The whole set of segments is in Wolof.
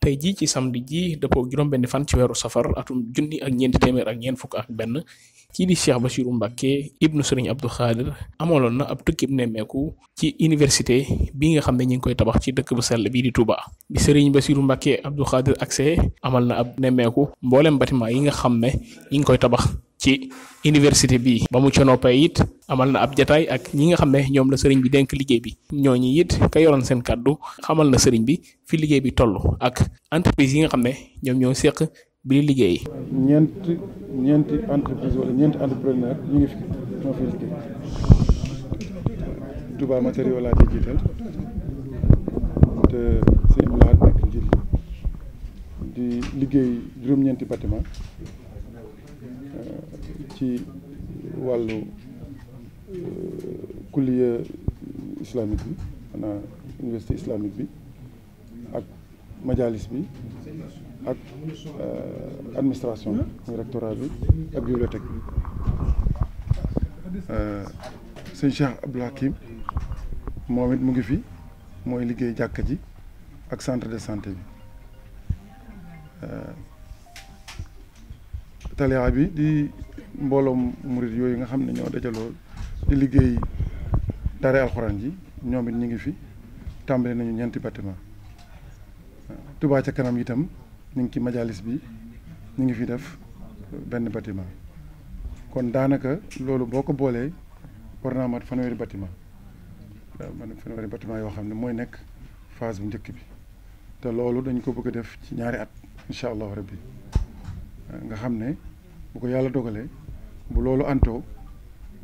tey jii ci samedi ji dëppoo juróom-benn fan ci weeru safar atum junni ak ñeenti téeméer ak ñeent fukk ak benn kii di Cheikh Bassirou Mbacké ibnu Sëriñ Abdou Khadir amaloon na ab tukkib nemmeeku ci université bi nga xam ne ñu ngi koy tabax ci dëkk ba sell bii di Touba bi Sëriñ Bassirou Mbacké Abdou Khadir akse amal na ab nemmeeku mboolem bâtiment yi nga xam ne ñu ngi koy tabax ci université bi ba mu ca noppee it amal na ab jataay ak ñi nga xam ne ñoom la sëriñ bi denk liggéey bi ñooñu it ka yoroon seen kàddu xamal na sëriñ bi fi liggéey bi toll ak entreprise yi nga xam ne ñoom ñoo séq bi liggéey. ñeent ñeenti entreprise wala ñeenti entrepreneur ñu ngi liggéey juróom-ñeenti bâtiment ci wàllu euh, kulliya islamique bi maanaam université islamique bi ak majalis bi ak euh, administration rectorat bi ak bibliothèque bi euh, sëñ Cheikh Abdou Hakim moom it mu ngi fi mooy liggéey jàkka ji ak centre de santé bi talia bi di mbooloom murit yooyu nga xam ne ñoo dajaloo di liggéey daara alxuraan ji ñoom it ñu ngi fi tàmbali nañu ñeenti bâtiment tubaa ca kanam itam ñu ngi ci majalis bi ñu ngi fi def benn bâtiment kon daanaka loolu boo ko boolee war am mat fanweeri bâtiment man fanweeri bâtiment yoo xam ne mooy nekk phase bu njëkk bi te loolu dañ ko bëgg a def ci ñaari at incha allahu rabbi nga xam ne bu ko yàlla dogalee bu loolu antoo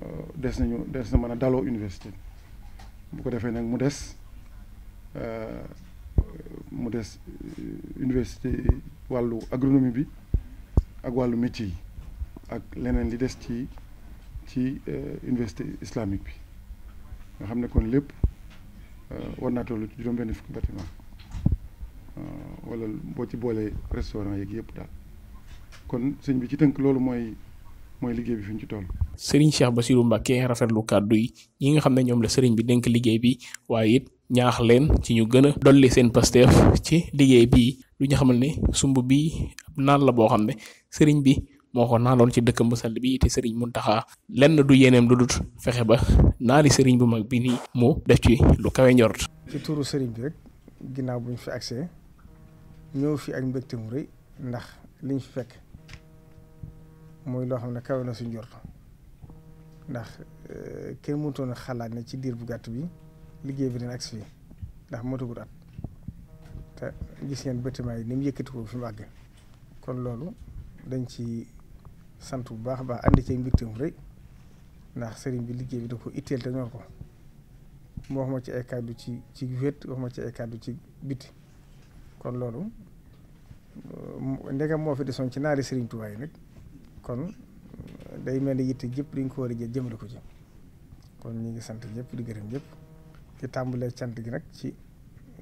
euh, des nañu des na man a daloo université bu ko defee nag mu des euh, mu des euh, université wàllu agronomie bi ak wàllu métier yi ak leneen li des ci ci université islamique bi nga xam ne kon lépp war naa toll ci juróom-benn fukki bâtiment wala boo ci boolee restaurant yeeg yëpp daal kon sëñ bi ci tënk loolu mooy mooy liggéey bi fi ñu ci toll. Serigne Cheikh Bassirou Mbacké rafetlu kàddu yi ñi nga xam ne ñoom la sëriñ bi denk liggéey bi waaye it ñaax leen ci ñu gën a dolli seen pasteef ci liggéey bii lu ñu xamal ne sumb bi ab naan la boo xam ne sëriñ bi moo ko naaloon ci dëkkam bu sell bi te Serigne Mountakha lenn du yéeneem lu dut fexe ba naali sëriñ bu mag bi nii mu def ci lu kawe njort. ci turu Serigne bi rek ginnaaw bu ñu fi agsee ñëw fi ak mbégte mu rëy ndax liñ fi fekk. mooy loo xam ne kawe na suñ jort ndax euh, kenn mënutoon xalaat ne ci diir bu gàtt bi liggéey bi dina agsi fii ndax motagul at te gis ngeen bâtiment yi ni mu yëkkati ko fi mu àgg kon loolu dañ ci sant bu baax a baax ànd ci mbégteem rëy ndax sëriñ bi liggéey bi da ko itteel te ñor ko moo wax ma ci ay kàddu ci ci wét wax ma ci ay kàddu ci biti kon loolu euh, ndegam moo fi desoon ci naari sëriñ Tuubaa yi nag kon day mel ni yitte jëpp dañ ko war a jël jëmale ko ci kon ñu ngi sant ñëpp di gërëm ñëpp di tàmbalee cant gi rek ci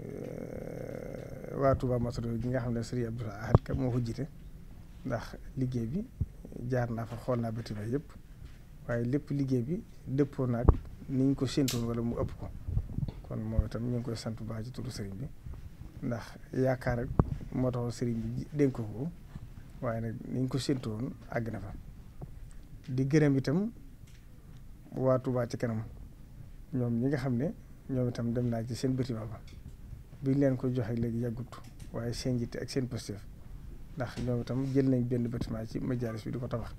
euh, waa Touba Masoro gi nga xam ne Serigne Abdoul Ahad Ka moo ko jiite ndax liggéey bi jaar naa xool naa bâtiment yëpp waaye lépp liggéey bi dëppoo naag ni ñu ko séntoon wala mu ëpp ko kon moom itam ngi koy sant bu baax ci turu yaakaar ak moo bi dénk ko. waaye nag ni ñu ko séntu woon àgg na fa di gërëm itam waa Touba ci kanam ñoom ñi nga xam ne ñoom itam dem naa ci seen bâtiment ba biñ leen ko joxe léegi yàggut waaye seen jiite ak seen positif ndax ñoom itam jël nañ benn bâtiment ci majaalis bi du ko tabax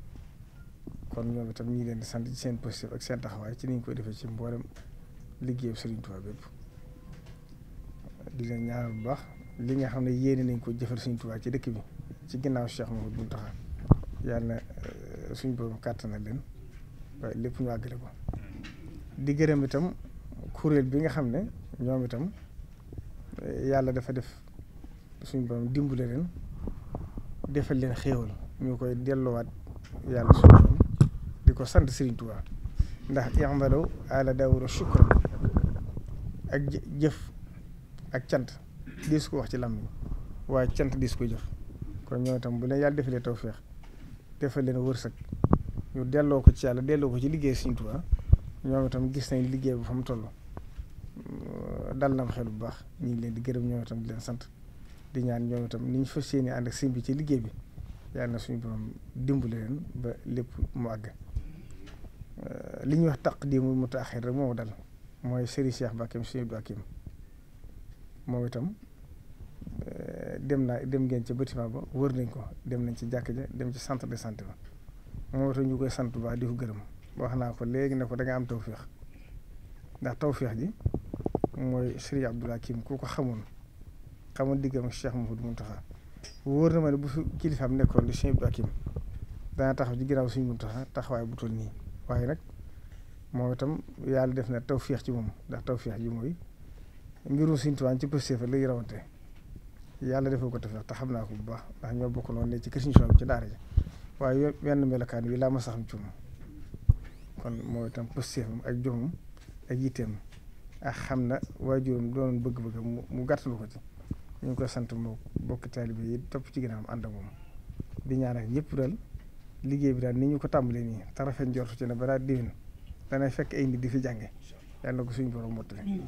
kon ñoom itam ñii leen di sant ci seen positif ak seen taxawaay ci niñ koy defee ci mboolem liggéeyu Serigne Touba bépp di leen ñaanal bu baax li nga xam ne yéene nañ ko jëfal Serigne Touba ci dëkk bi ci ginnaaw Cheikh Mouhamadou Mountakha yàlla na euh, suñu borom kàttanal leen ba lépp ñu àggale ko di gërëm itam kuréel bi nga xam ne ñoom itam euh, yàlla dafa def suñ borom dimbale leen defal leen xéewal ñu koy dellowaat yàlla suñu borom di ko sant Serigne Touba ndax i'malu aala Daawuda shukran ak jëf ak cant diis ko wax ci lam waaye cant diis ko jëf kon ñoo itam bu leen yàlla defe defalee tawféex defal leen wërsëg ñu delloo ko ci yàlla delloo ko ci liggéey Sëriñ Tuubaa ñoom itam gis nañ liggéey bu fa mu toll dal na xel bu baax ñu ngi leen di gërëm ñoom itam di leen sant di ñaan ñoom itam ni ñu fas yéene ànd ak sëñ bi ci liggéey bi yàlla na suñu borom dimbali leen ba lépp mu àgg li ñuy wax taqdiimul mutaaxir rek moo dal mooy Serigne Cheikh Bakkim Serigne Bakkim moom itam. dem naa dem ngeen ci bâtiment ba wër nañ ko dem nañ ci jàkk ja dem ci centre de santé ba moo tax ñu koy sant bu di ko gërëm wax naa ko léegi ne ko dangay am am tawféex ndax tawféex ji mooy Serigne Abdoul Hakim ku ko xamoon xamoon diggam Cheikh Mouhamadou Mountakha wóor na ma ne bu fi kilifaam nekkoon di Cheikh Abdoul Hakim dana taxaw ci ginnaaw suñu Mountakha taxawaay bu toll nii waaye nag moom itam yàlla def na tawféex ci moom ndax tawféex ji mooy mbirum Serigne Touba ci pëstéefa lay rawante yàlla defal ko tafeex te xam naa ko bu baax ndax ñoo bokk noonu ne ci kër suñu ci daara ji waaye wenn melokaan wi laa ma saxam ci kon mooy itam pëstéefam ak jomam ak yitteem ak xam na waajuram doonoon bëgg-bëgg mu gàttalu ko ci ñu ngi koy sant moo bokk taalibe yi topp ci ginnaawam am ak moom di ñaanal ñëpp daal liggéey bi daal ni ñu ko tàmbalee nii te rafet njortu ci ne balaa déwén danay fekk ay nit di fi jànge yàlla ko suñu borom mottali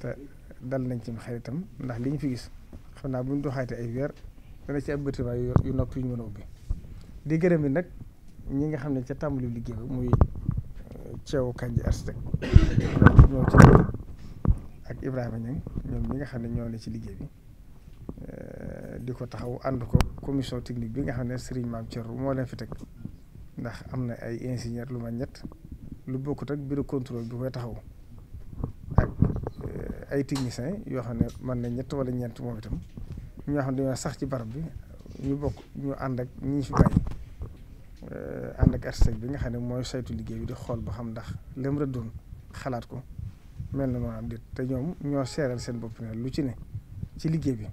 te dal nañ ci xaritam ndax li fi gis xam naa bu ñu doxaatee ay weer dana ci ab bâtiment yu nopp yu ñu mën a di gërëm bi nag ñi nga xam ne ca tàmbali liggéey ba muy ceewu euh, kanji architecte ñoo ci ak ñaŋ Niang ñoom ñi nga xam ne ñoo ne ci liggéey bi euh, di ko taxaw ànd ko commission technique bi nga xam ne Serigne Mame Thierno moo leen fi teg ndax am na ay ingénieur lu ma ñett lu bokkut ak bureau contrôle bi koy taxaw ay techniciens yoo xam ne man na ñett wala ñeent moom itam ñoo xam ne dañoo sax ci barab bi ñu bokk ñu ànd ak ñi fi bàyyi euh, ànd ak architecte bi nga xam ne mooy saytu liggéey bi di xool ba xam ndax lem rëddoon xalaat ko mel na te ñoom ñoo seeral seen bopp lu ci ne ci liggéey bi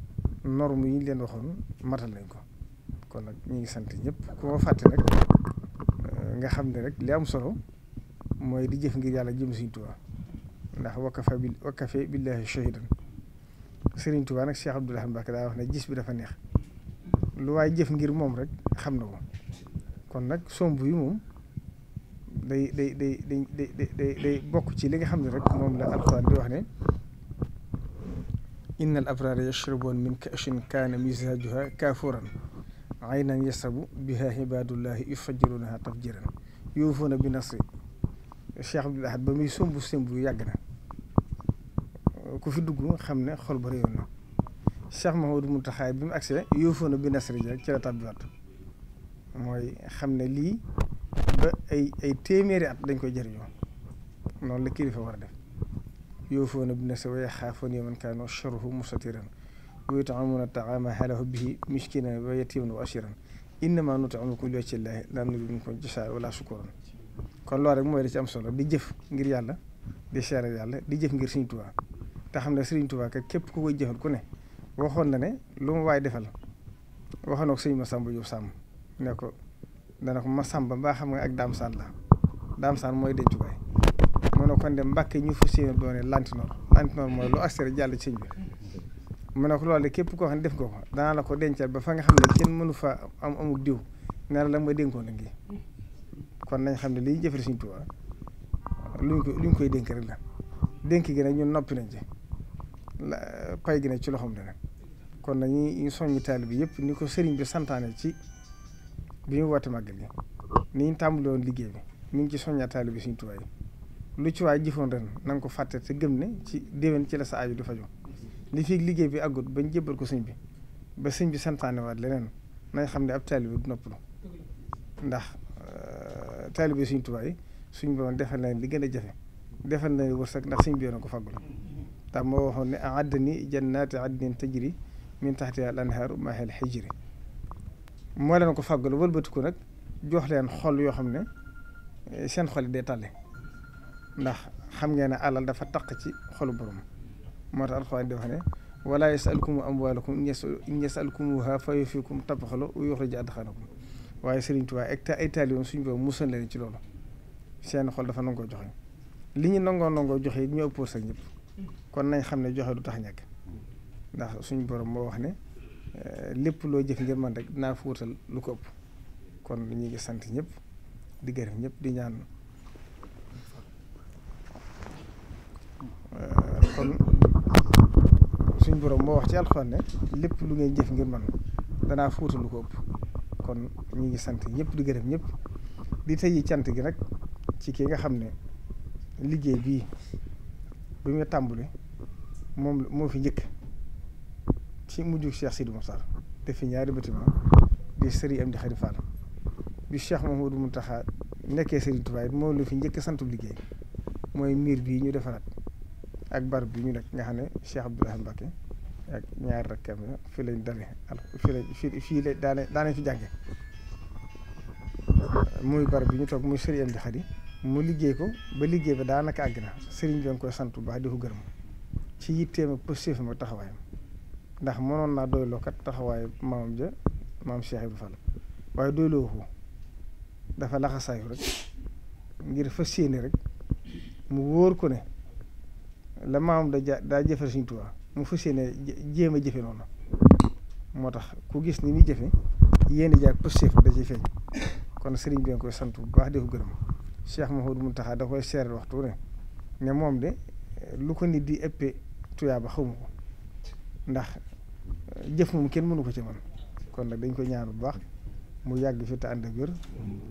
norme yi leen waxoon matal nañ ko kon nag ñu ngi sant ñëpp ku ma fàtte nag euh, nga xam ne rek li am solo mooy di jëf ngir yàlla jëm suñu Tuubaa ndax wakafa bi wakafe billahi shahidan sëriñ Tuubaa nag Cheikh Abdoulaye Mbacke ne jis bi dafa neex lu waay jëf ngir moom rek xam na ko kon nag somb yi moom day day day day day bokk ci li nga xam ne rek moom la alxuraan di wax ne inna al abraara yashrabuun min kashin kaana misaajuha kaafuuran aynan yasabu biha ibaadullahi yufajjirunaha tafjiran yuufuuna bi nasri Cheikh Abdoul Ahad ba muy somb simb yàgg na ku fi dugg xam ne xol ba réew na Cheikh Mahamadou Mountakha bi mu agsee yóofoo na bi nasri ji mooy xam ne lii ba ay téeméeri at dañ koy jëriñoo noonu la kilifa war a def yóofoo na bi nasri wa yaxaafoon yawman kaana sharruhu mustattiran wa yut'imuuna ta'aama ahlahu bihi miskiinan wa yatiiman wa asiiran innamaa nut'imukum li wajhi llaahi laa nuriidu minkum jazaa'an wa laa shukuuran kon loolu rek mooy da ci am solo di jëf ngir yàlla di seere yàlla di jëf ngir Sëriñ Tuubaa te xam ne Sëriñ Tuubaa kat képp ku koy jëfal ku ne waxoon na ne lu mu waay defal waxoon na ko sëñ Masamba Jóob Sàmb ne ko dana ko Masamba mbaa xam nga ak Daam la Daam mooy dencukaay mu kon de Mbàkke ñu fas yéene doone lantinoor lantinoor mooy lu accès jàll ci sëñ bi mu ne ko loolu képp koo xam ne def ko danaa la ko dencal ba fa nga xam ne kenn mënu fa am amuk diw ne la ma dénkoon la ngi kon nañ xam ne li jëfal Sëriñ Tuubaa luñ luñ koy dénk rek la dénk gi nag ñun noppi nañ ci la pay gi nag ci loxoom la kon nag ñu soññi taalibe bi yëpp ni ko sëriñ bi santaane ci bi ñu woote màggal gi ni ñu tàmbale woon liggéey bi mi ngi ci soññaa taalibe bi Sëriñ lu ci waay jëfoon ren na ko fàtte te gëm ne ci déwén ci la sa aju du faju li fii liggéey bi àggut bañ jébbal ko sëñ bi ba sëñ bi santaane waat leneen nañ xam ne ab taalibe bi du noppalu ndax taalibe suñ tubaab yi suñ borom defal na li gën a jafe defal na wërsëg ndax suñ biyoon ko faggul tax moo waxoon ne ahaddani jannaati addnin tajri min taxtiha al anhaaru mahel hijri moo leen ko faggul wëlbati rek jox leen xol yoo xam ne eh, seen xol yi day tàlle ndax xam ngeen ne alal dafa taq ci xolu borom moo tax alxuraan di wax ne wala yasalkumu amwaalakum in yasalkumuha fa yufikum tabxalu wa yuxrij adxanakum waaye Serigne Touba ak ay taalibeem suñu boobu musal leen ci loolu seen xol dafa nangoo joxe li ñu nangoo nangoo joxe it ñu ëppoo ñëpp kon nañ xam ne joxe du tax ñàkk ndax suñu borom moo wax ne eh, lépp loo jëf ngir man rek naa fa wutal lu ko ëpp kon ñu ngi sant ñëpp di gërëm ñëpp di ñaan eh, kon suñu borom moo wax ci alxuraan ne lépp lu ngay jëf ngir man danaa fa lu ko ëpp. kon ñu ngi sant ñëpp di gërëm ñëpp di tëji cant gi nag ci ki nga xam ne liggéey bii bi mu tàmbali moom moo fi njëkk ci mujj Cheikh Sidi Moussa def fi ñaari bâtiment di Serigne Amdi Khady Fall bi Cheikh mu Mountakha nekkee Serigne Touba moom la fi njëkk santu liggéey mooy miir bii ñu defaraat ak barab bi ñu nekk nga xam ne Cheikh Abdoulaye Mbacké ak ñaari rakkam ya fi lañ dale al fi lañ fi fii fi jànge muy bar bi ñu toog muy sëriñ am di xadi mu liggéey ko ba liggéey ba daanaka àgg na sëriñ bi nga koy sant bu baax di ko gërëm ci yitteem ak positif ma taxawaayam ndax mënoon naa doyloo kat taxawaayu maamam ja maam Cheikh Ibra Fall waaye doyloo ko dafa laxasaayu rek ngir fas yéene rek mu wóor ko ne la maamam da daa jëfal Sëriñ Tuubaa mu fas yéene jéem a jëfe noonu moo tax ku gis ni muy jëfe yéen i jaag pëstéef da ciy feeñ kon sëriñ bi nga koy sant bu baax di ko gërëm Cheikh Mouhamadou Mountakha da koy seeral waxtu ne ne moom de lu ko nit di ëppee tuyaaba xamu ko ndax jëf moom kenn mënu ko ci man kon nag dañ koy ñaan bu baax mu yàgg fi te ànd ak wér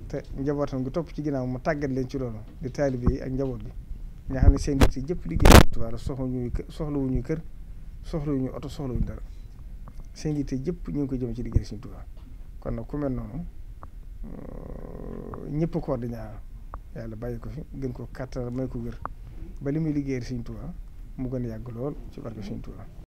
te njabootam gi topp ci ginnaaw mu tàggat leen ci loolu di taalibe yi ak njaboot bi nga xam ne seen di yi jëpp liggéey Tuubaa soxla wu kër ñu oto soxlawuñu dara seen jiite jëpp ñu ngi ko jëm ci liggéey Sëriñ Tuubaa kon nag ku mel noonu euh, ñëpp ko war di ñaan yàlla bàyyi ko fi gën ko kàttan may ko gër ba li muy liggéey Sëriñ Tuubaa mu gën yàgg lool ci barke Sëriñ Tuubaa